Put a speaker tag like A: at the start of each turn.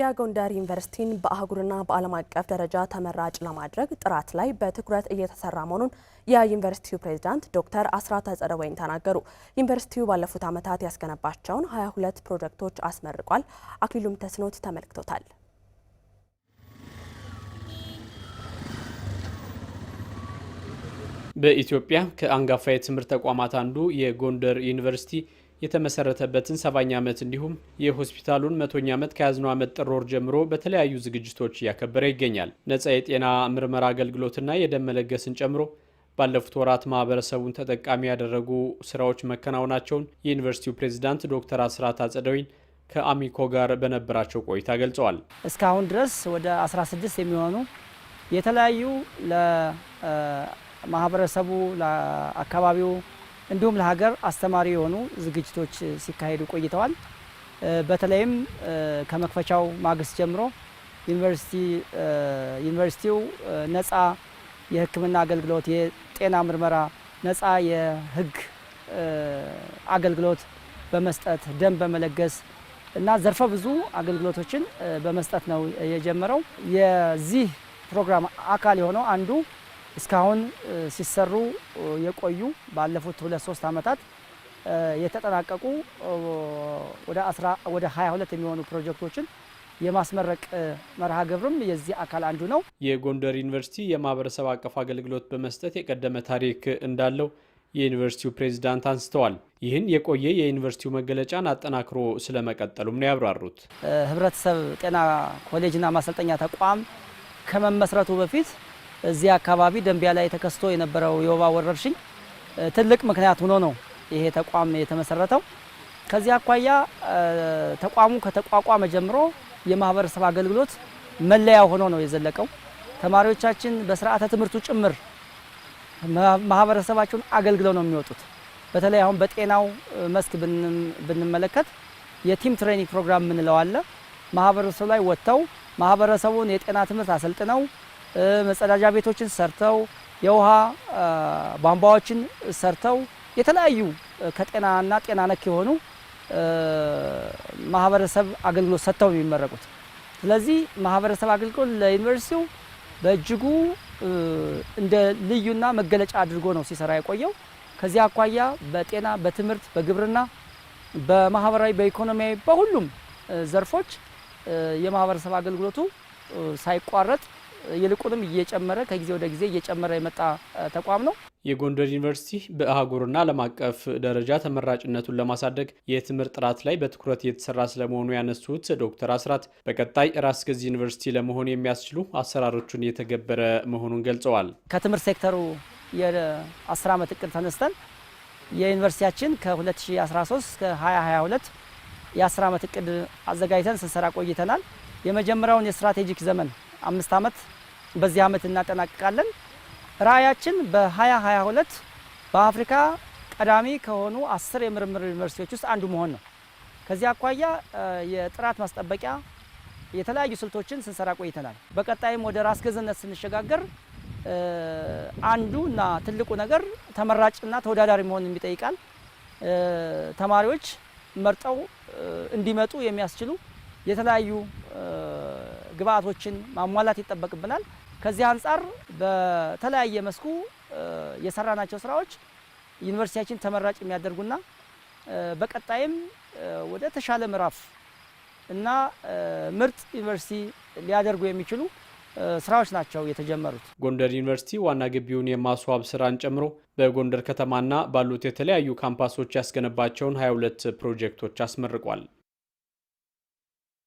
A: የጎንደር ዩኒቨርሲቲን በአህጉርና በዓለም አቀፍ ደረጃ ተመራጭ ለማድረግ ጥራት ላይ በትኩረት እየተሰራ መሆኑን የዩኒቨርሲቲው ፕሬዚዳንት ዶክተር አስራት አጸደወይን ተናገሩ። ዩኒቨርሲቲው ባለፉት ዓመታት ያስገነባቸውን 22 ፕሮጀክቶች አስመርቋል። አክሊሉም ተስኖት ተመልክቶታል።
B: በኢትዮጵያ ከአንጋፋ የትምህርት ተቋማት አንዱ የጎንደር ዩኒቨርሲቲ የተመሰረተበትን ሰባኛ ዓመት እንዲሁም የሆስፒታሉን መቶኛ ዓመት ከያዝነው ዓመት ጥር ወር ጀምሮ በተለያዩ ዝግጅቶች እያከበረ ይገኛል። ነጻ የጤና ምርመራ አገልግሎትና የደም መለገስን ጨምሮ ባለፉት ወራት ማህበረሰቡን ተጠቃሚ ያደረጉ ስራዎች መከናወናቸውን የዩኒቨርሲቲው ፕሬዚዳንት ዶክተር አስራት አጸደዊን ከአሚኮ ጋር በነበራቸው ቆይታ ገልጸዋል።
C: እስካሁን ድረስ ወደ 16 የሚሆኑ የተለያዩ ለማህበረሰቡ ለአካባቢው እንዲሁም ለሀገር አስተማሪ የሆኑ ዝግጅቶች ሲካሄዱ ቆይተዋል። በተለይም ከመክፈቻው ማግስት ጀምሮ ዩኒቨርሲቲው ነፃ የሕክምና አገልግሎት፣ የጤና ምርመራ፣ ነፃ የህግ አገልግሎት በመስጠት ደም በመለገስ እና ዘርፈ ብዙ አገልግሎቶችን በመስጠት ነው የጀመረው። የዚህ ፕሮግራም አካል የሆነው አንዱ እስካሁን ሲሰሩ የቆዩ ባለፉት ሁለት ሶስት ዓመታት የተጠናቀቁ ወደ 22 የሚሆኑ ፕሮጀክቶችን የማስመረቅ መርሃ ግብርም የዚህ አካል አንዱ ነው።
B: የጎንደር ዩኒቨርሲቲ የማህበረሰብ አቀፍ አገልግሎት በመስጠት የቀደመ ታሪክ እንዳለው የዩኒቨርሲቲው ፕሬዚዳንት አንስተዋል። ይህን የቆየ የዩኒቨርሲቲው መገለጫን አጠናክሮ ስለመቀጠሉም ነው ያብራሩት።
C: ህብረተሰብ ጤና ኮሌጅና ማሰልጠኛ ተቋም ከመመስረቱ በፊት እዚህ አካባቢ ደንቢያ ላይ ተከስቶ የነበረው የወባ ወረርሽኝ ትልቅ ምክንያት ሆኖ ነው ይሄ ተቋም የተመሰረተው። ከዚህ አኳያ ተቋሙ ከተቋቋመ ጀምሮ የማህበረሰብ አገልግሎት መለያ ሆኖ ነው የዘለቀው። ተማሪዎቻችን በስርዓተ ትምህርቱ ጭምር ማህበረሰባቸውን አገልግለው ነው የሚወጡት። በተለይ አሁን በጤናው መስክ ብንመለከት የቲም ትሬኒንግ ፕሮግራም የምንለው አለ። ማህበረሰቡ ላይ ወጥተው ማህበረሰቡን የጤና ትምህርት አሰልጥነው መጸዳጃ ቤቶችን ሰርተው የውሃ ቧንቧዎችን ሰርተው የተለያዩ ከጤናና ጤና ነክ የሆኑ ማህበረሰብ አገልግሎት ሰጥተው ነው የሚመረቁት። ስለዚህ ማህበረሰብ አገልግሎት ለዩኒቨርሲቲው በእጅጉ እንደ ልዩና መገለጫ አድርጎ ነው ሲሰራ የቆየው። ከዚህ አኳያ በጤና፣ በትምህርት፣ በግብርና፣ በማህበራዊ፣ በኢኮኖሚያዊ በሁሉም ዘርፎች የማህበረሰብ አገልግሎቱ ሳይቋረጥ ይልቁንም እየጨመረ ከጊዜ ወደ ጊዜ እየጨመረ የመጣ ተቋም ነው።
B: የጎንደር ዩኒቨርሲቲ በአህጉርና ዓለም አቀፍ ደረጃ ተመራጭነቱን ለማሳደግ የትምህርት ጥራት ላይ በትኩረት እየተሰራ ስለመሆኑ ያነሱት ዶክተር አስራት በቀጣይ ራስ ገዝ ዩኒቨርሲቲ ለመሆን የሚያስችሉ አሰራሮቹን እየተገበረ መሆኑን ገልጸዋል።
C: ከትምህርት ሴክተሩ የ10 ዓመት እቅድ ተነስተን የዩኒቨርሲቲያችን ከ2013 እስከ 2022 የ10 ዓመት እቅድ አዘጋጅተን ስንሰራ ቆይተናል። የመጀመሪያውን የስትራቴጂክ ዘመን አምስት ዓመት በዚህ ዓመት እናጠናቅቃለን። ራዕያችን በ2022 በአፍሪካ ቀዳሚ ከሆኑ አስር የምርምር ዩኒቨርሲቲዎች ውስጥ አንዱ መሆን ነው። ከዚህ አኳያ የጥራት ማስጠበቂያ የተለያዩ ስልቶችን ስንሰራ ቆይተናል። በቀጣይም ወደ ራስ ገዝነት ስንሸጋገር እና ትልቁ ነገር ተመራጭና ተወዳዳሪ መሆን ይጠይቃል። ተማሪዎች መርጠው እንዲመጡ የሚያስችሉ የተለያዩ ግብአቶችን ማሟላት ይጠበቅብናል። ከዚህ አንጻር በተለያየ መስኩ የሰራናቸው ስራዎች ዩኒቨርሲቲያችን ተመራጭ የሚያደርጉና በቀጣይም ወደ ተሻለ ምዕራፍ እና ምርጥ ዩኒቨርሲቲ ሊያደርጉ የሚችሉ ስራዎች ናቸው የተጀመሩት።
B: ጎንደር ዩኒቨርሲቲ ዋና ግቢውን የማስዋብ ስራን ጨምሮ በጎንደር ከተማና ባሉት የተለያዩ ካምፓሶች ያስገነባቸውን 22 ፕሮጀክቶች አስመርቋል።